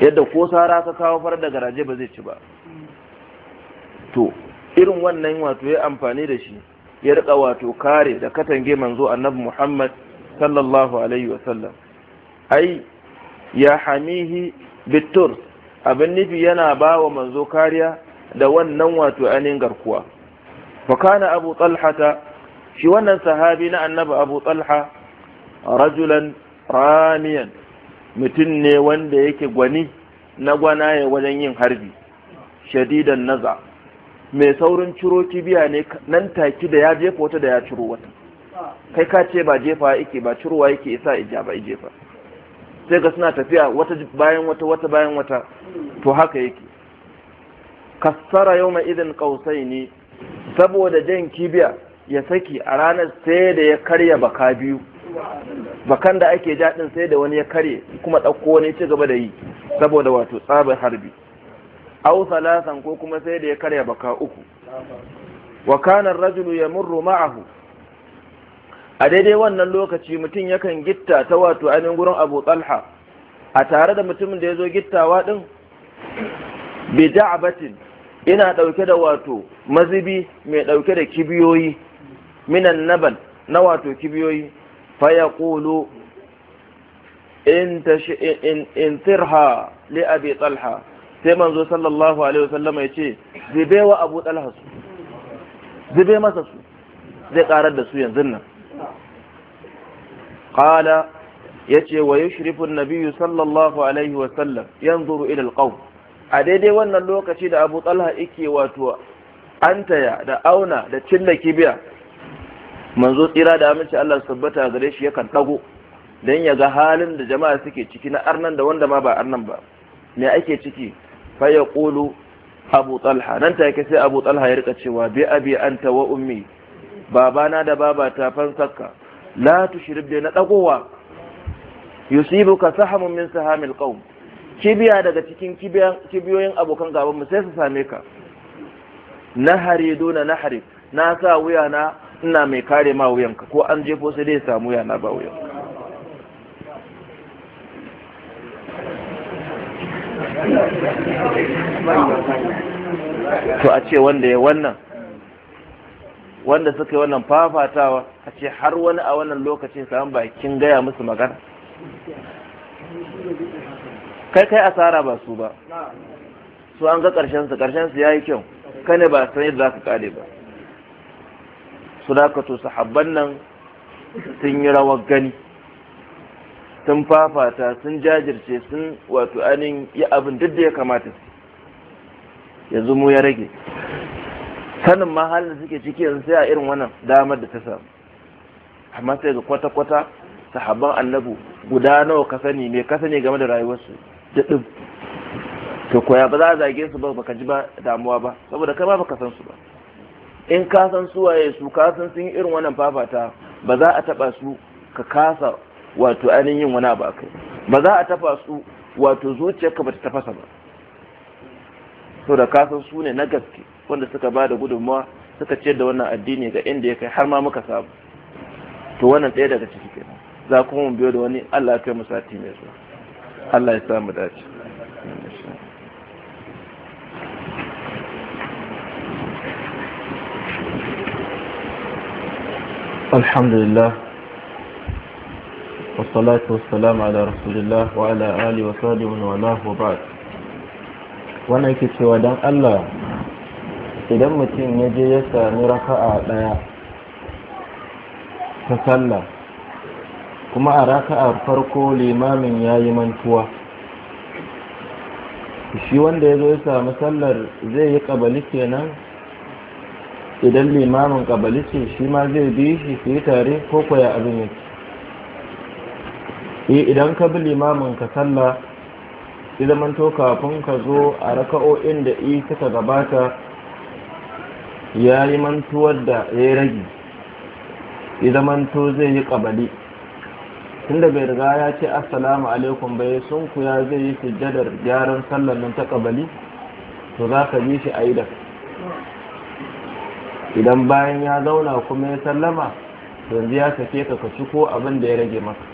yadda ko sara ka kawo farar da garaje ba zai ci ba to irin wannan wato ya amfani da shi ya rika wato kare da katange manzo annabi Muhammad sallallahu alaihi wa ai ya hamihi bitur abin nufi yana ba wa manzo kariya da wannan wato ainihin garkuwa fa kana abu talhata shi wannan sahabi na annabi abu talha rajulan ramiyan mutum ne wanda yake gwani na gwanaye wajen yin harbi shadidan naza mai saurin ciro kibiya ne nan take da ya jefa wata da ya ciro wata kai ka ce ba jefa yake ba cirowa yake isa ija ba jefa sai ga suna tafiya wata bayan wata wata bayan wata to haka yake kassara yau mai idin kausai ne saboda jan kibiya ya saki a ranar sai da ya karya baka biyu bakan da ake jaɗin sai da wani ya kare kuma ɗauko wani ci gaba da yi saboda wato tsabar harbi Au salasan ko kuma sai da ya karya baka uku wa kanar ya ya yamurru ma'ahu a daidai wannan lokaci mutum yakan gitta ta wato ainihin gurin Abu tsalha a tare da mutumin da ya zo gittawa ɗin. bi Batin ina ɗauke da wato mazibi mai ɗauke da kibiyoyi minan nabal na wato kibiyoyi فيقول إن, تش... إن... إن ترها لأبي طلحة سيما صلى الله عليه وسلم يتي زبي وأبو طلحة زبي ما تسو زي قارد سو ينزلنا قال يتي ويشرف النبي صلى الله عليه وسلم ينظر إلى القوم أديدي وانا اللوكة أبو طلحة إكي واتوا أنت يا دا أونا دا تشلك بيا manzo tsira da aminci Allah sabbata gare shi yakan dago dan ya ga halin da jama'a suke ciki na arnan da wanda ma ba arnan ba me ake ciki fa yaqulu abu talha nan ta yake sai abu talha ya rika cewa bi abi anta wa ummi babana da babata fansakka la tushrik bi na dagowa yusibuka sahamun min sahamil qaum kibiya daga cikin kibiyoyin abokan gaban mu sai su same ka nahari duna nahari na sa wuya na ina mai kare ma wuyanka ko an jefo sai dai samu yana ba wuyan to a ce wanda ya wannan wanda suka yi wannan fafatawa a ce har wani a wannan lokacin samun bakin gaya musu magana kai kai asara ba su ba su an ga ƙarshensu su ya yi kyau kane ba san da za ka kare ba ka dakato sahabban nan sun yi rawar gani sun fafata sun jajirce sun wato anin yi abin duk da ya kamata su yanzu mu ya rage sanin ma halin da suke ciki yanzu sai a irin wannan damar da ta samu amma sai ga kwata-kwata sahabban annabu guda nawa ka sani Mai ka sani game da rayuwarsu daɗin to koya ba za a zage su ba baka ji ba damuwa ba saboda kai ba baka san su ba in ka san suwaye su ka san sun yi irin wannan fafata ba za a taba su ka kasa wato ainihin yin wani abu akai ba za a taba su wato zuciyarka ba ta tafasa ba so da kasan su ne na gaske wanda suka ba da gudunmawa suka ce da wannan addini ga inda ya kai har ma muka samu to wannan ɗaya daga ciki kenan za kuma mu biyo da wani Allah ya kai mu sati mai zuwa Allah ya samu dace الحمد لله والصلاة والسلام على رسول الله وعلى آله وصحبه ومن والاه وبعد wannan yake cewa don Allah idan mutum ya je ya sami raka'a ɗaya ta sallah kuma a raka'ar farko limamin ya yi mantuwa shi wanda ya zo ya sami sallar zai yi ƙabali kenan idan limamin ƙabali ce shi ma zai bi shi su yi tare ko kwaya abin yake yi eh, idan ka bi limamin ka sallah idan zaman to kafin ka zo a raka'o'in da i suka gabata ya yi mantuwar da ya ragi ya zaman to zai yi kabali tunda bai riga ya ce assalamu alaikum bai sun kuya zai yi sujjadar gyaran sallar nan ta kabali to za ka bi shi a yi idan bayan ya zauna kuma ya sallama yanzu ya sake ka ka ciko abin da ya rage maka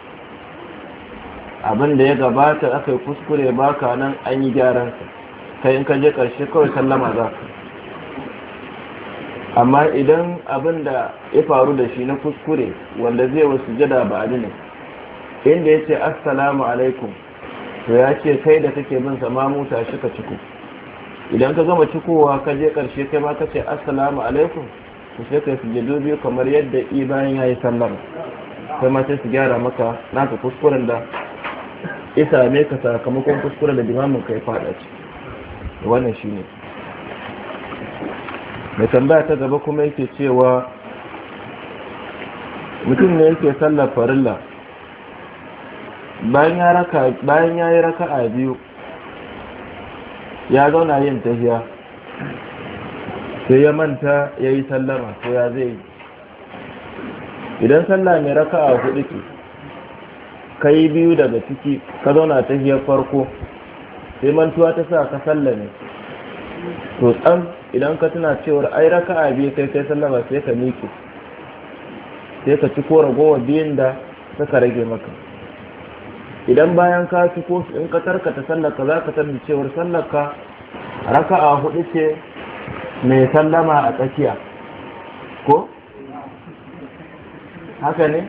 abin da ya gabata aka yi kuskure baka nan an yi gyaran sa kai in ka je karshe kawai sallama za ka amma idan abin da ya faru da shi na kuskure wanda zai wasu jada ba ne inda ya ce assalamu alaikum to ya ce kai da kake bin sa ma shi ka ciko idan ka gama cikowa ka je karshe kai ma ka ce assalamu alaikum ku sai ka sujudu biyu kamar yadda i bayan yayi sallar kai ma sai su gyara maka naka kuskuren da isa ne ka sakamakon kuskuren da limamin kai fada ci wannan shine mai tambaya ta gaba kuma yake cewa mutum ne yake sallar farilla bayan ya yi raka'a biyu ya zauna yin tafiya. sai ya manta ya yi sallama ko ya zai yi idan sallah mai raka a hudu ke ka yi biyu daga ciki ka zauna tafiyar farko sai mantuwa ta sa ka sallame to tsan idan ka tuna cewar ai raka a biyu kai kai sallama sai ka miƙe sai ka ci ko ragowa biyun da suka rage maka idan bayan ka ko in ka tarkata sallaka za ka tarbi cewar sallaka a hudu ce mai sallama a tsakiya ko haka ne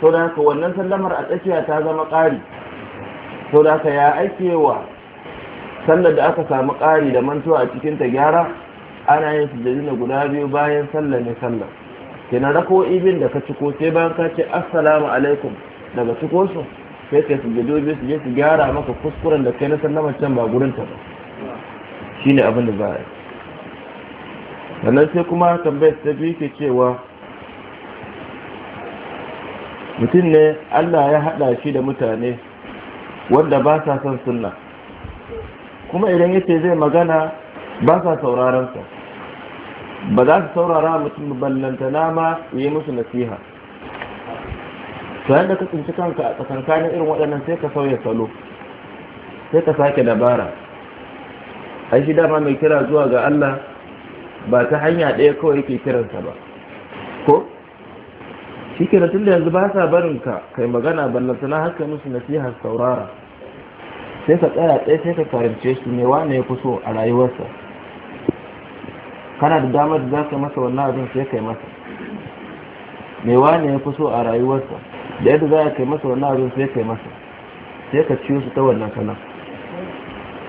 so da haka wannan sallamar a tsakiya ta zama ƙari so da haka ya aike wa sallar da aka samu ƙari da mantuwa a cikin ta gyara ana yin sujjadi na guda biyu bayan sallar ne sallar kenan rako ibin da ka ciko sai bayan ka ce assalamu alaikum daga cikinsu sai kai gado biyu su je su gyara maka kuskuren da kai na sallama can ba gurin ta ba Shi ne abin da za a yi sannan sai kuma tambayar ta biyu ke cewa mutum ne Allah ya haɗa shi da mutane wanda ba sa son sunna kuma idan yace zai magana ba sa sauraron sa ba za su saurara mutum ballantana ma yi musu nasiha to yadda ka tsinci kanka a tsakankanin irin waɗannan sai ka sauya salo sai ka sake dabara a shi dama mai kira zuwa ga Allah ba ta hanya ɗaya kawai yake kiransa ba ko shi kira tun da yanzu ba sa barin ka kai magana ballan na haka musu nasihar saurara sai ka tsaya ɗaya sai ka karance su ne wane ya so a rayuwarsa kana da damar da za ka masa wannan abin sai kai masa me wane ya fi so a rayuwarsa da yadda za a kai masa wannan abin sai kai masa sai ka ciyo su ta wannan sana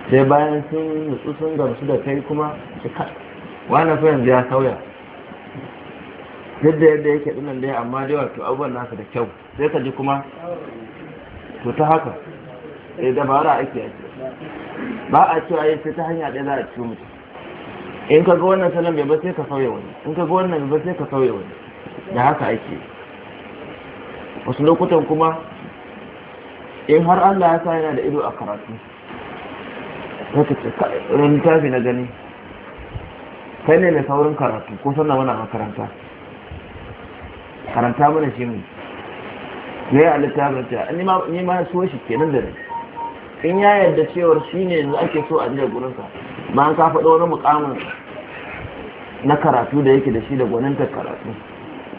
sai bayan sun nutsu sun gamsu da kai kuma su ka wani fayan ya sauya yadda yadda yake dinan dai amma dai wato abubuwan nasa da kyau sai ka ji kuma to ta haka sai eh, dabara ake ake ba a cewa yi sai ta hanya ɗaya za a ci mutum in ka ga wannan salon bai ba sai ka sauya wani in ka ga wannan bai ba sai ka sauya wani da haka ake yi wasu lokutan kuma in har Allah ya sa yana da ido a karatu zaka ce ran tafi na gani kai ne mai saurin karatu ko sannan mana makaranta karanta mana shi mu ne a littafin ta ni ma so shi kenan da ne in ya yarda cewar shi ne yanzu ake so a jiya gurinsa bayan ka faɗo wani mukamin na karatu da yake da shi da gwaninta karatu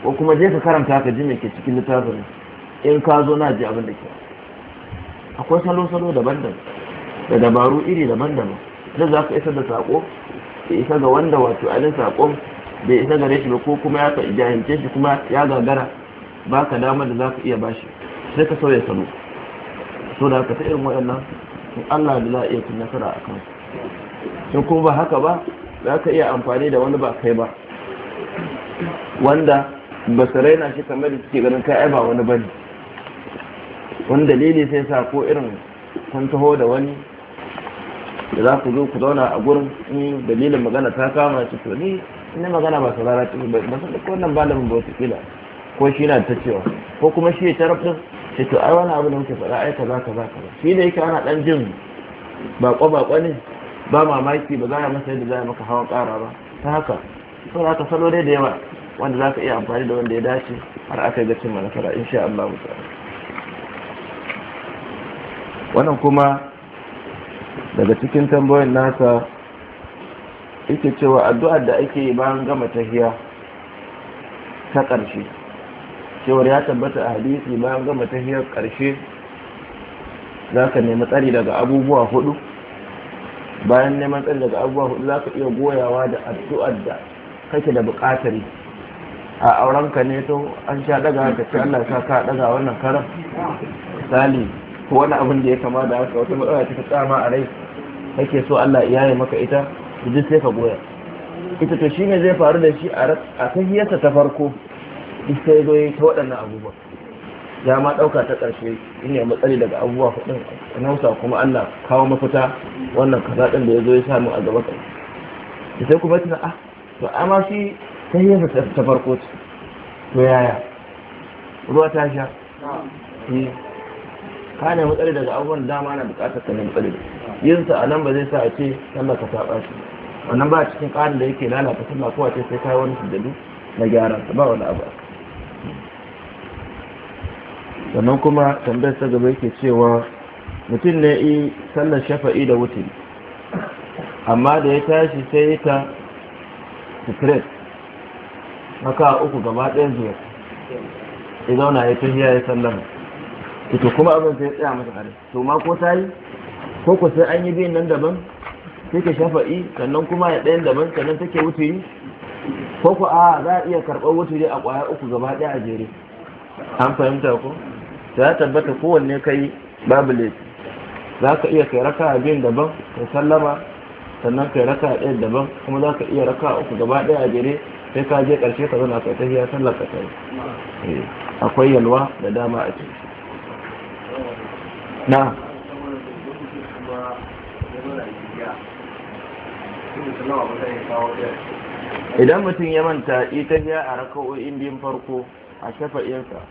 ko kuma je ka karanta ka ji me ke cikin littafin in ka zo na ji abin da ke akwai salo-salo daban-daban da dabaru iri daban-daban da za ka isa da saƙo ya isa ga wanda wato alin saƙon bai isa gare shi ba ko kuma ya jahince shi kuma ya gagara ba ka damar da za ka iya bashi sai ka sauya salo so da ka ta irin waɗannan in Allah da za a iya cin nasara a kan in kuma ba haka ba za ka iya amfani da wani ba kai ba wanda ba su raina shi kamar da suke ganin kai ba wani bane wani dalili sai sa ko irin kun taho da wani da za ku zo ku zauna a gurin in dalilin magana ta kama shi to ni ina magana ba saurara ta ba ba su da malamin ba kila ko shi na ta cewa ko kuma shi ya tarafin shi to ai wani abu da muke faɗa ai ka za ka shi ne yake ana ɗan jin ba kwa ne ba mamaki ba za a masa yadda za a maka hawan ƙara ba ta haka da aka salo dai da yawa wanda za ka iya amfani da wanda ya dace har aka yi gacin manasara insha Allah mutu wannan kuma daga cikin tambayoyin nasa yake cewa addu'ar da ake yi bayan gama tahiya ta ƙarshe cewar ya tabbata a hadisi bayan gama tahiyar ƙarshe za ka nemi tsari daga abubuwa hudu bayan neman tsari daga abubuwa hudu za ka iya goyawa da addu'ar da kake da buƙatar a auren ka ne to an sha daga ka ce Allah sa ka daga wannan karam. misali ko wani abin da ya kama da haka wata matsala ta tsama a rai kake so Allah ya yi maka ita duk sai ka goya ita to shine zai faru da shi a tahiyarsa ta farko duk sai zo ta waɗannan abubuwa ya ma ɗauka ta ƙarshe ina matsali daga abubuwa kuɗin nausa kuma Allah kawo mafita wannan kaza ɗin da ya zo ya samu a gaba sai kuma tuna ah to amma shi sai ya zata ta farko to yaya ruwa ta sha eh. ka ne matsali daga abubuwan dama na bukatar ka ne matsali yin sa a nan ba zai sa a ce sallah ka saba shi wannan ba cikin ƙarin da yake lalata sallah ko a ce sai kai wani sujadu na gyara ba wani abu sannan kuma tambayar ta gaba yake cewa mutum ne yi sallar shafa'i da wuce amma da ya tashi sai ta stress raka uku gaba ɗayan zuwa ya zauna ya ta ya sallama Ita kuma abin sai tsaya masa kare to ma ko ta yi ko ku sai an yi biyan nan daban sai ka shafa'i sannan kuma ya ɗayan daban sannan take yi? ko ku a za a iya karɓar dai a ƙwaya uku gaba ɗaya a jere an fahimta ko ya tabbata kowanne ka yi, babu laifi za ka iya kai raka biyan daban ka sallama sannan kai raka ɗaya daban kuma za ka iya raka uku gaba ɗaya a jere sai ka je ƙarshe ka zauna kai tahiya sallar ka kai eh, akwai yalwa da dama a ciki na idan mutum ya manta ita tahiya a raka'o'in biyun farko a shafa'insa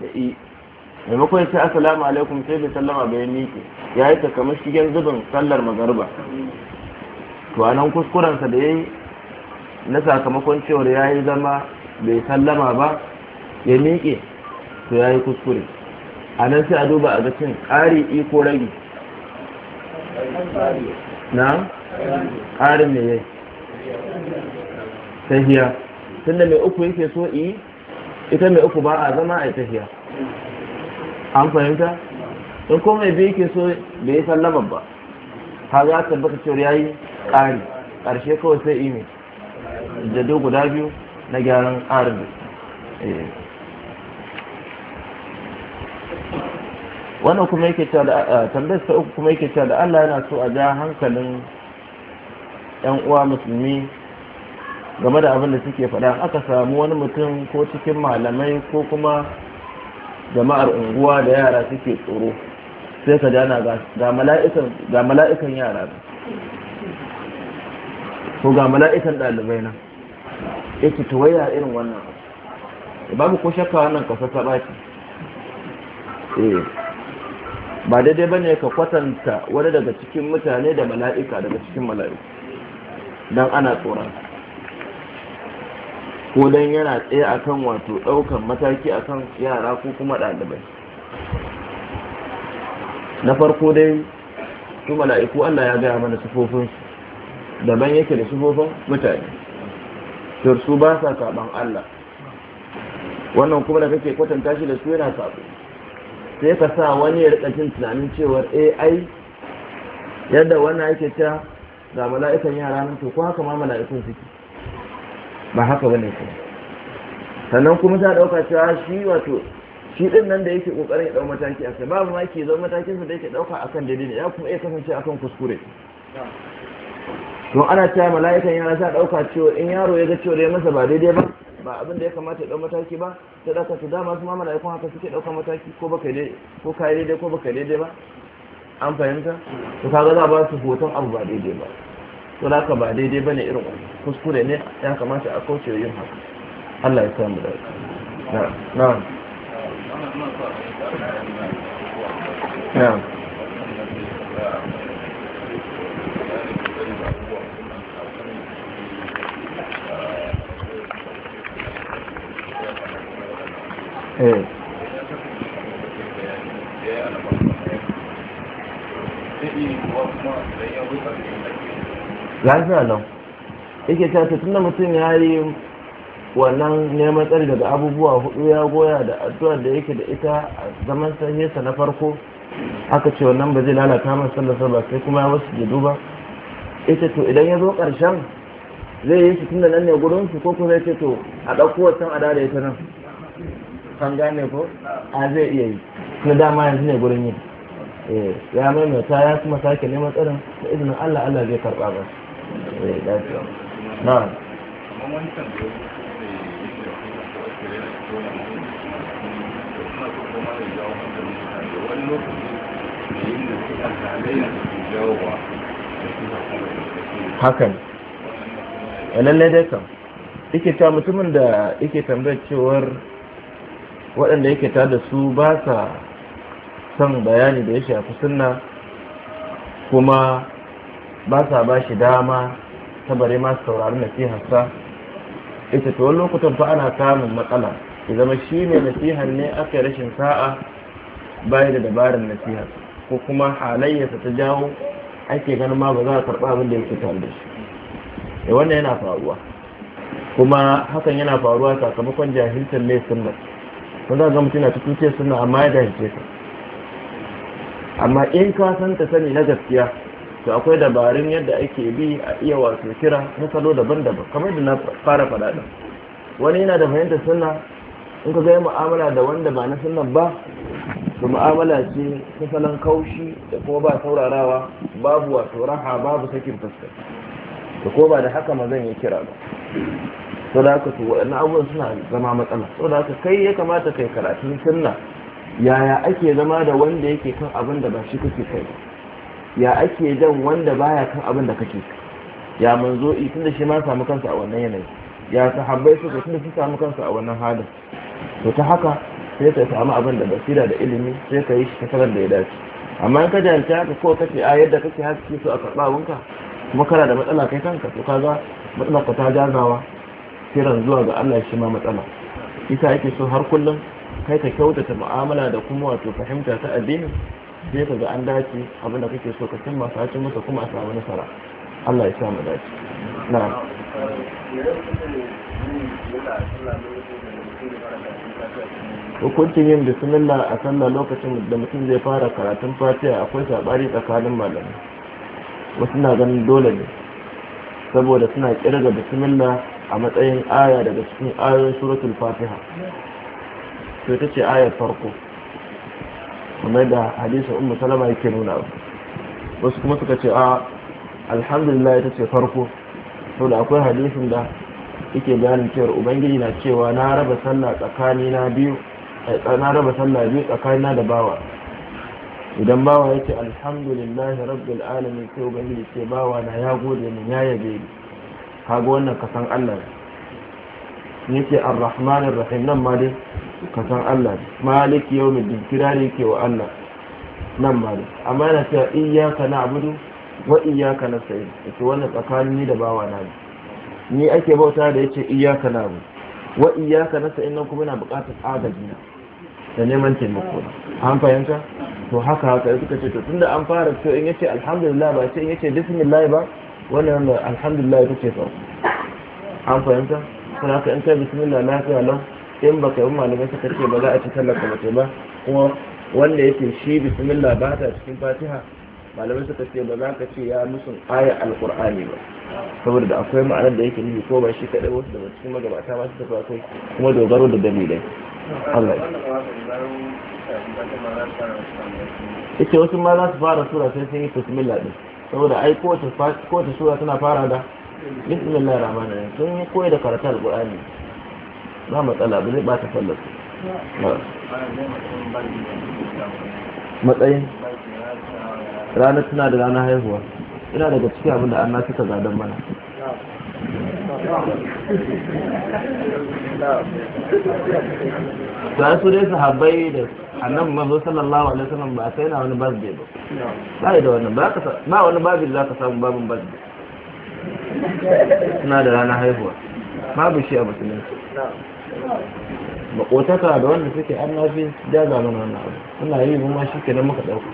da i maimakon sai asalamu alaikum sai bai sallama bai miƙe ya yi takamashi zubin sallar magarba to a nan kuskurensa da ya yi na sakamakon cewar ya yi zama bai sallama ba ya miƙe to ya yi kuskure a nan sai a duba a gacin ƙari iko ragi na ƙarin mai yai tahiya tunda mai uku yake so yi ita mai uku ba a zama a yi tahiya an fahimta in ko mai biyu yake so bai yi sallama ba Ha za ta baka cewar ya yi ƙari ƙarshe kawai sai ime jade guda biyu na gyaran ƙarin eh. wannan kuma yake eh, tambayar ta uku kuma yake cewa da Allah yana so a ja hankalin yan uwa musulmi game da abin da suke faɗa aka samu wani mutum ko cikin malamai ko kuma jama'ar unguwa da yara suke tsoro sai ka jana ga mala'ikan yara ko ga mala'ikan ɗalibai na yake tuwaya irin wannan babu ko shakka wannan kasa ta baki eh, ba daidai bane ka kwatanta wani daga cikin mutane da mala'ika daga cikin mala'ika Don ana tsoron ko dan yana tsaye akan wato daukan mataki akan yara ko kuma ɗalibai na farko dai su mala'iku Allah ya gaya mana sufofin daban yake da sufofin mutane to su ba sa saban Allah wannan kuma da kake kwatanta shi da su yana sabo sai ka sa wani ya rika cin tunanin cewar eh, ai yadda wannan yake ta ga mala'ikan yara nan to ko haka ma mala'ikun suke ba haka bane kuma sannan kuma ta dauka cewa shi wato shi din nan da yake kokarin ya dau mataki a kai babu ma yake zama matakin da yake dauka akan daidai ya kuma iya kasance akan kuskure to ana cewa mala'ikan yara ta dauka cewa in yaro ya ga cewa ya masa ba daidai ba ba abin da ya kamata ya dau mataki ba ta dauka su dama su ma mala'ikun haka suke dauka mataki ko baka ka ko daidai ko baka daidai ba an fahimta to kaga za ba su hoton abu ba daidai ba to laka ba daidai bane irin kuskure ne ya kamata a kauce yin haka Allah ya samu da Eh. lafiya nan yake tun da mutum ya yi wannan neman tsari daga abubuwa hudu ya goya da addu'ar da yake da ita a zaman sanyesa na farko aka ce wannan ba zai lalata masu sallasa ba sai kuma ya wasu jidu ba ita to idan ya zo karshen zai yi shi tun da nan ne gurin ko kuma ya ce to a ɗauko wancan a da ita nan kan gane ko a zai iya yi na dama yanzu ne gurin yi eh, ya maimaita ya kuma sake neman tsarin da izinin Allah Allah zai karba ba eh, na hakan eh, lallai dai kam ike ta mutumin da ike tambayar cewar waɗanda yake ta da su ba sa son bayani da ya shafi sunna kuma ba sa ba shi dama ta bare masu saurari nasiharsa ita tuwon lokutan fa ana samun matsala ya zama shi ne nasihar ne aka rashin sa'a bayan da dabarin nasihar ko kuma halayyarsa ta jawo ake ganin ma ba za a karɓa abin da ya fito da shi wannan yana faruwa kuma hakan yana faruwa sakamakon jahilcin mai ba. don za ga mutum na cikin ce suna amma ya dace ka amma in ka san ta sani na gaskiya to akwai dabarun yadda ake bi a iya wato kira na salo daban-daban kamar da na fara fada ɗin wani yana da fahimtar suna in ka gaya mu'amala da wanda ba na suna ba to mu'amala ce ta salon kaushi da kuma ba saurarawa babu wato raha babu sakin fuska da ko ba da haka ma zan yi kira ba sau da haka waɗannan abubuwan suna zama matsala sau da haka kai ya kamata kai karatun sunna yaya ake zama da wanda yake kan abin da ba shi kake kai ya ake jan wanda baya kan abin da kake ya manzo tun da shi ma samu kansa a wannan yanayi ya sahabbai suka tun da su samu kansa a wannan halin to ta haka sai ka samu abin da basira da ilimi sai ka yi shi ta da ya dace amma in ka jahilci haka ko kake a yadda kake haske su a karɓa wanka kuma kana da matsala kai kanka to kaga matsalar ka ta jazawa kiran zuwa ga Allah shi ma matsala isa ake so har kullum kai ka kyautata mu'amala da kuma wato fahimta ta addinin sai ka ga an dace abin da kake so ka cimma cin masa kuma a samu nasara Allah ya sa mu dace na hukuncin yin bismillah a sallah lokacin da mutum zai fara karatun fatiha akwai sabari tsakanin malamai wasu na ganin dole ne saboda suna kirga bismillah a matsayin aya daga cikin ayoyin suratul fatiha to ita ce ayar farko kamar da hadisin ummu salama yake nuna wasu kuma suka ce a alhamdulillah ita ce farko to da akwai hadisin da yake bayanin cewar ubangiji na cewa na raba sallah tsakanina biyu eh, na raba sallah biyu tsakanina da bawa idan bawa yake alhamdulillahi rabbil alamin sai ubangiji ce bawa na ya gode min ya yabe ni kaga wannan ka san Allah ne yake ar-rahman ar-rahim nan ma dai ka san Allah ne maliki kira ne yake wa Allah nan ma dai amma yana cewa iyyaka na'budu wa iyyaka nasta'in yake wannan tsakanin ni da bawa na ne ni ake bauta da yace iyyaka na'budu wa iyyaka nasta'in nan kuma yana buƙatar agaji na da neman taimako an fahimta to haka haka suka ce to tunda an fara to in yace alhamdulillah ba sai in yace bismillah ba wannan alhamdulillah ita ce farko an fahimta sun haka in kai bismillah lafiya lau in baka yi malamai suka ce ba za a ci tallaka mace ba kuma wanda yake shi bismillah ba ta cikin fatiha malamai suka ce ba za ka ce ya musu aya alkur'ani ba saboda akwai ma'anar da yake nufi ko ba shi kaɗai wasu daga cikin magabata masu tafiya kai kuma dogaro da dalilai Allah ya ce wasu ma za su fara sura sai sun yi bismillah din saboda ai kowace sura tana fara da bismillahir rahmanir rahim sun yi koyi da karatun alqur'ani ba matsala ba zai ba ta ba matsayin ranar tana da ranar haihuwa ina daga cikin abin da an suka gadon mana ba su dai habai da annabi mazo sallallahu alaihi wasallam ba sai na wani birthday ba ba da wannan ba ka ba wani babin zaka samu babin birthday suna da rana haihuwa babu shi a musulunci makotaka da wanda suke an da ga mana wannan abu suna yi kuma shi kenan muka dauka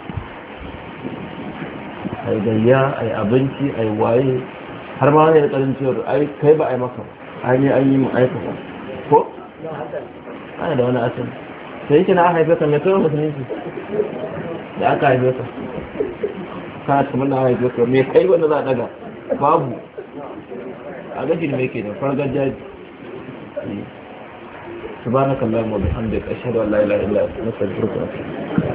ai gayya ai abinci ai waye har ma wani ƙarin cewar ai kai ba a yi maka an yi an yi mu ba ko ana da wani asin sai yake na haife ka mai kawai musulunci da aka haife ka ka kamar na haife ka mai kai wanda za a daga babu a gaji da mai ke da fargar jaji subhanakallahumma wa bihamdika ashhadu an la ilaha illa anta astaghfiruka wa atubu